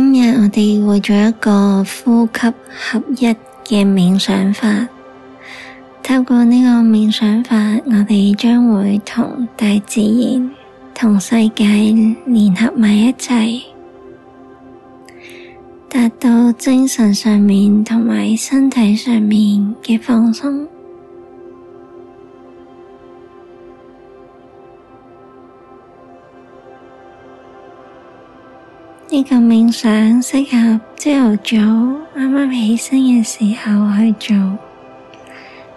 今日我哋會做一個呼吸合一嘅冥想法，透過呢個冥想法，我哋將會同大自然、同世界聯合埋一齊，達到精神上面同埋身體上面嘅放鬆。呢個冥想適合朝頭早啱啱起身嘅時候去做，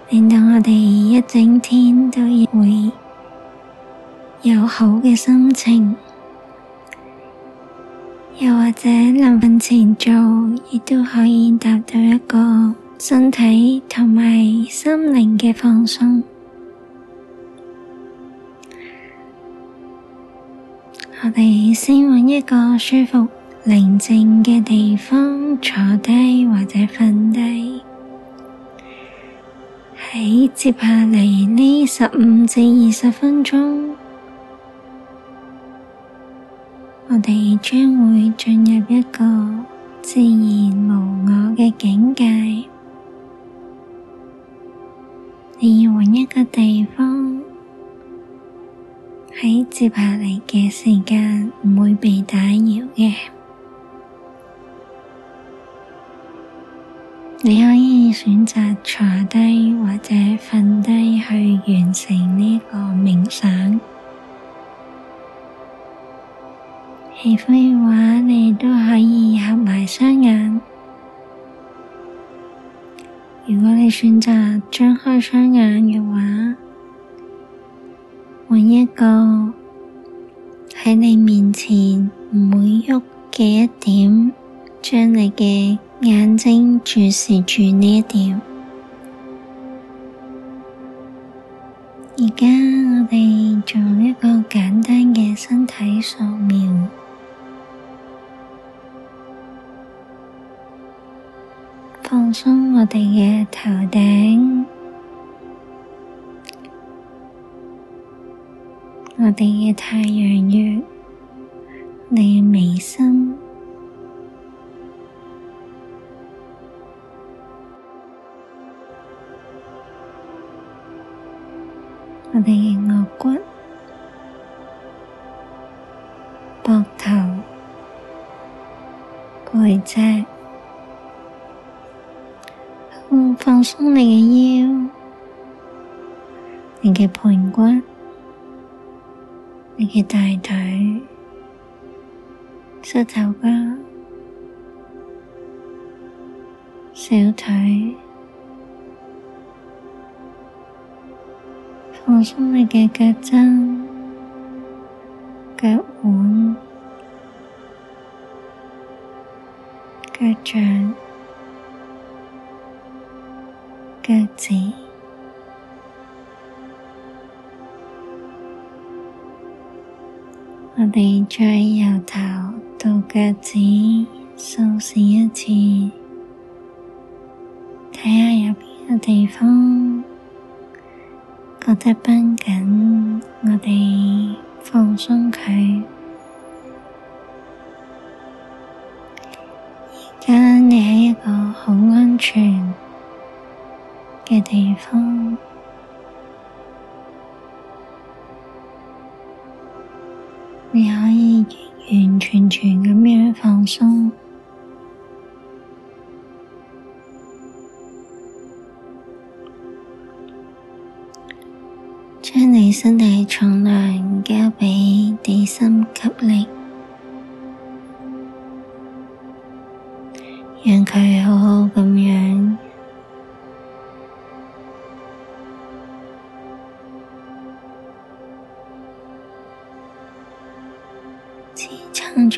令到我哋一整天都亦會有好嘅心情。又或者臨瞓前做，亦都可以達到一個身體同埋心靈嘅放鬆。我哋先揾一個舒服、寧靜嘅地方坐低或者瞓低。喺接下嚟呢十五至二十分鐘，我哋將會進入一個自然無我嘅境界。你要揾一個地方。喺接下嚟嘅時間唔會被打擾嘅，你可以選擇坐低或者瞓低去完成呢個冥想。喜歡嘅話，你都可以合埋雙眼。如果你選擇張開雙眼嘅話，搵一個喺你面前唔會喐嘅一點，將你嘅眼睛注視住呢一點。而家我哋做一個簡單嘅身體掃描，放鬆我哋嘅頭頂。我哋嘅太陽穴，你嘅眉心，我哋嘅額骨，膊頭，背脊，放鬆你嘅腰，你嘅盆骨。你嘅大腿、膝頭哥、小腿，放鬆你嘅腳踭、腳腕、腳掌、腳趾。我哋再由頭到腳趾掃視一次，睇下有邊個地方覺得繃緊，我哋放鬆佢。而家你喺一個好安全嘅地方。你可以完完全全咁樣放鬆，將你身體重量交俾地心吸力，讓佢好好咁樣。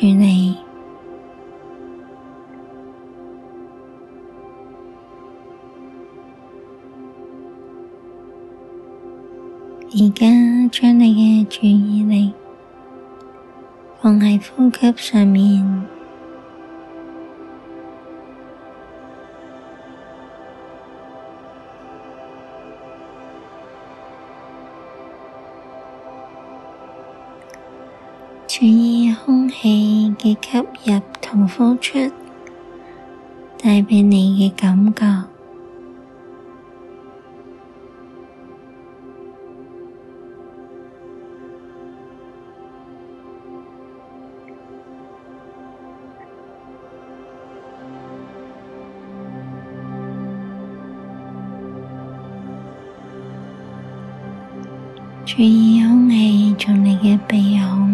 你，而家將你嘅注意力放喺呼吸上面，注意。空氣嘅吸入同呼出帶畀你嘅感覺，注意空氣從你嘅鼻孔。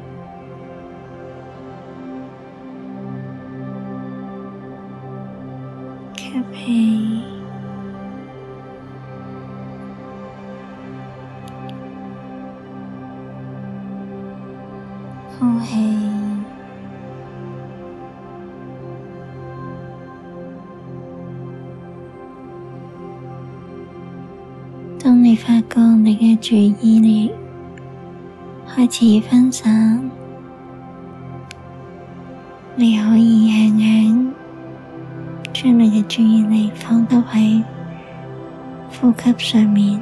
當你發覺你嘅注意力開始分散，你可以輕輕將你嘅注意力放喺呼吸上面。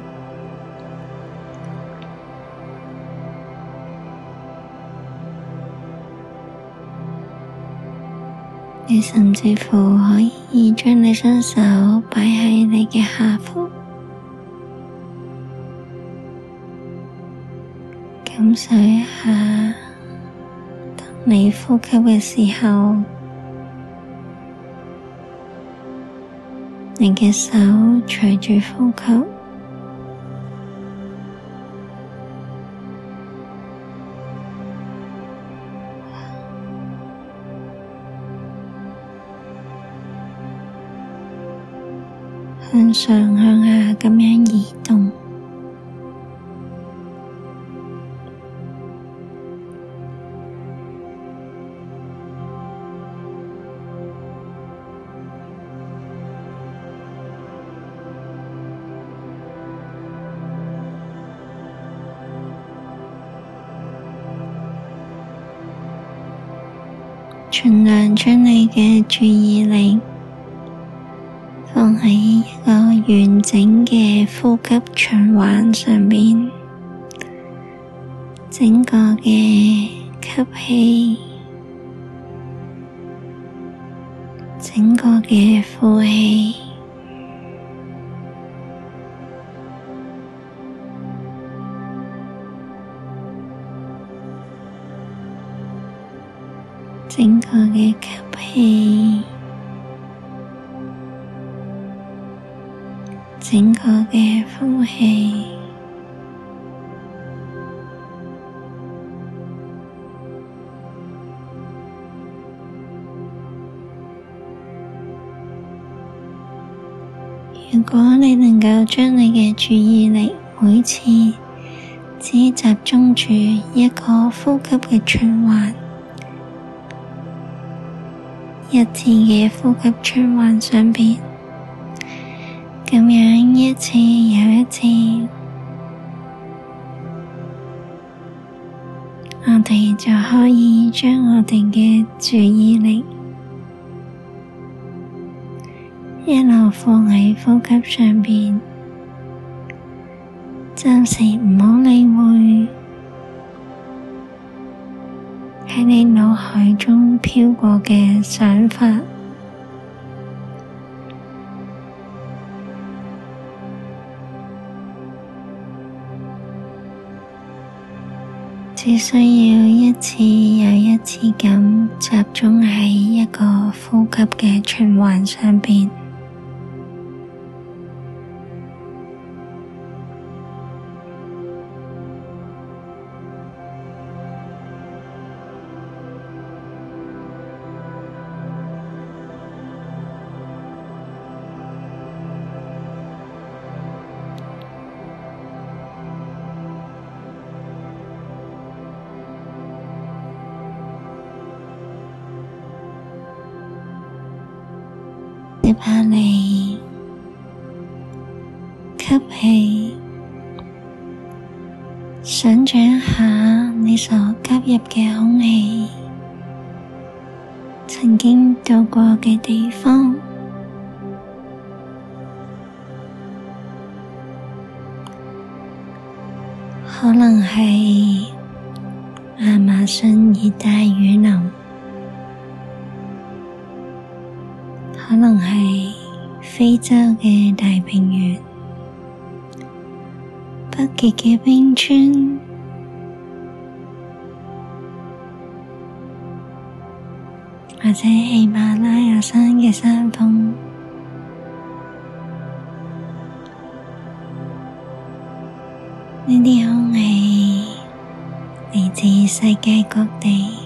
你甚至乎可以將你雙手擺喺你嘅下腹，感受一下。當你呼吸嘅時候，你嘅手隨住呼吸。向上向下咁樣移動，盡量將你嘅注意力。完整嘅呼吸循環上面，整個嘅吸氣，整個嘅呼氣，整個嘅吸氣。個呼吸。如果你能夠將你嘅注意力每次只集中住一個呼吸嘅循環，一次嘅呼吸循環上邊。咁樣一次又一次，我哋就可以將我哋嘅注意力一路放喺呼吸上面。暫時唔好理會喺你腦海中飄過嘅想法。只需要一次又一次咁集中喺一個呼吸嘅循環上邊。把你吸氣，想象一下你所吸入嘅空氣，曾經到過嘅地方，可能係亞馬遜熱帶雨林。可能係非洲嘅大平原，北極嘅冰川，或者喜馬拉雅山嘅山峰，呢啲空氣來自世界各地。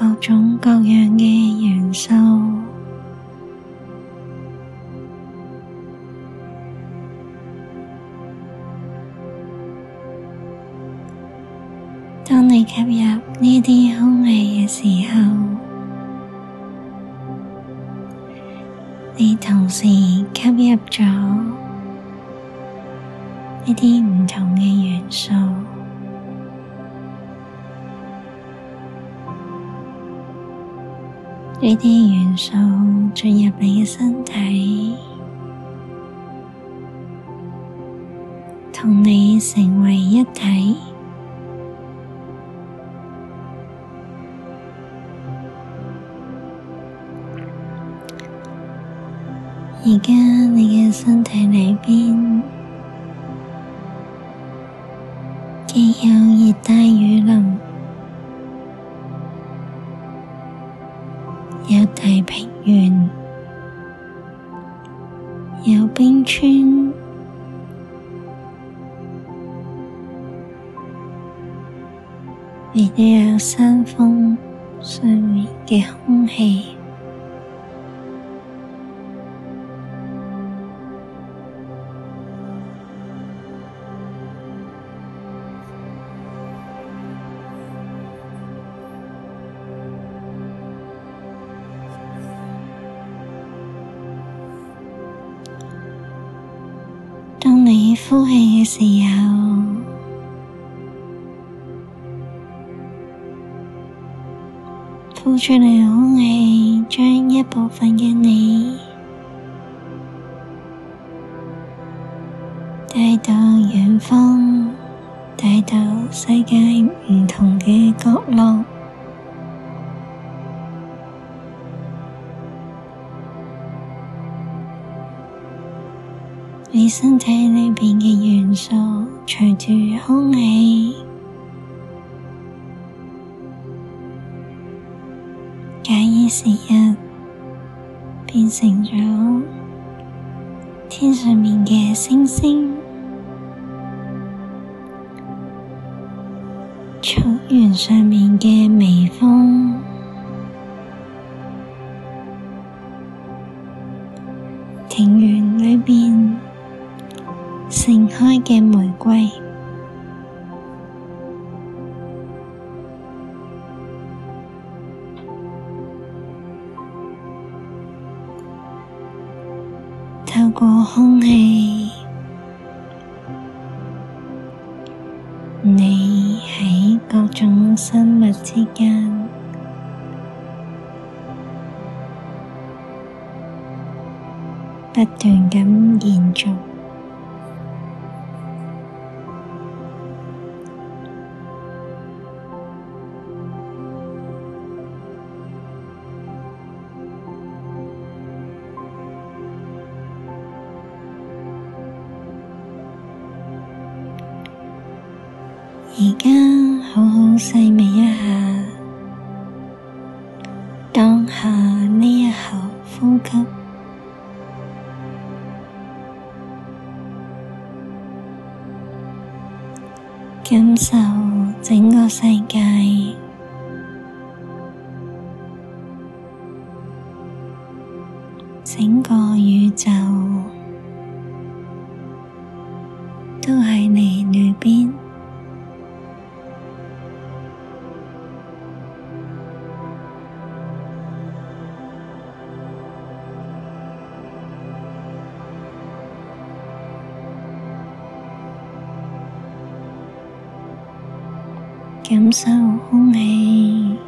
各種各樣嘅元素，當你吸入呢啲空氣嘅時候，你同時吸入咗呢啲唔同嘅元素。呢啲元素進入你嘅身體，同你成為一體。而家你嘅身體裏邊，既有熱帶雨林。大平原有冰川，亦都有山峰上面嘅空氣。時候呼出嚟空氣，將一部分嘅你帶到遠方，帶到世界唔同嘅角落。你身體裏面嘅元素隨住空氣，假以時日，變成咗天上面嘅星星，草原上面嘅微風，庭院裏面，盛開嘅玫瑰。而家好好細味一下當下呢一口呼吸，感受整個世界。感受空氣。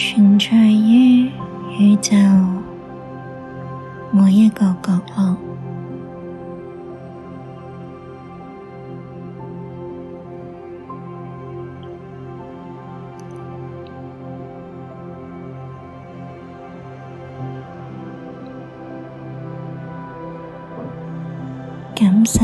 存在於宇宙每一個角落，感受。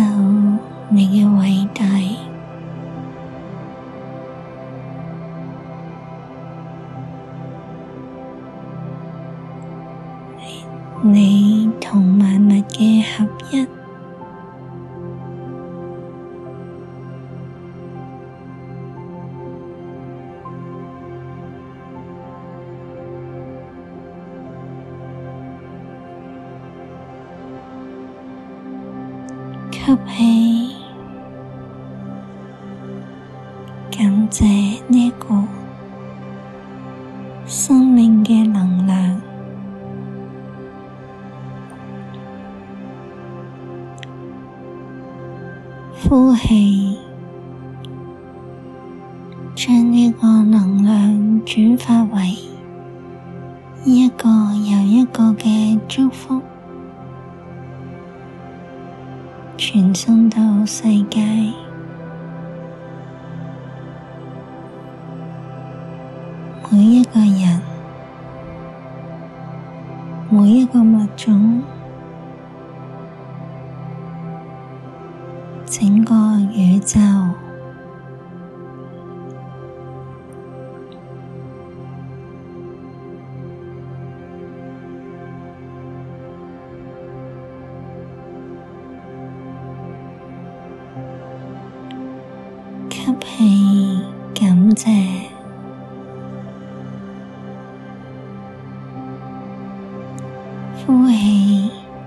吸氣，感謝呢個。傳送到世界，每一個人，每一個物種，整個宇宙。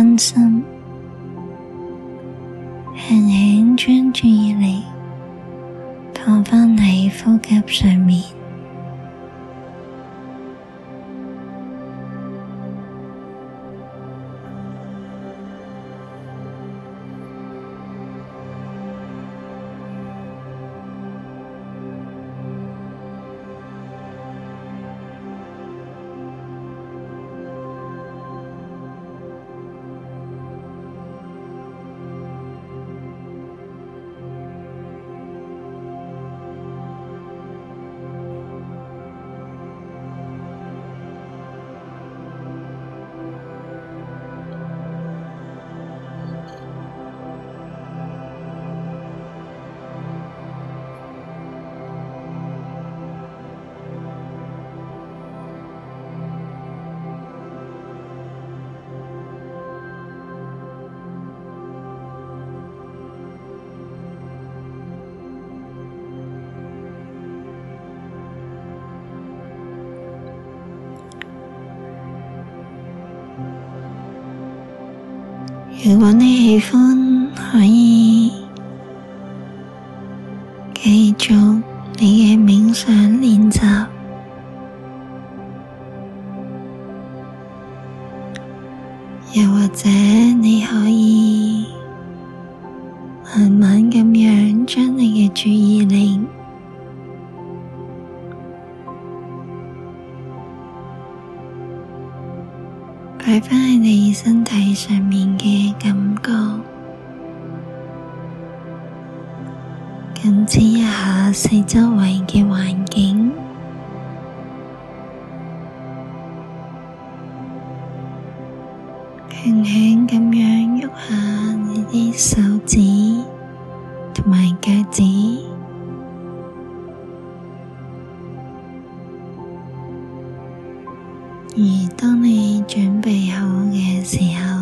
分心，輕輕將注意力放返喺呼吸上面。如果你喜歡，可以繼續你嘅冥想練習，又或者。睇翻喺你身體上面嘅感覺，感知一下四周圍嘅環境，輕輕咁樣喐下你啲手。而當你準備好嘅時候。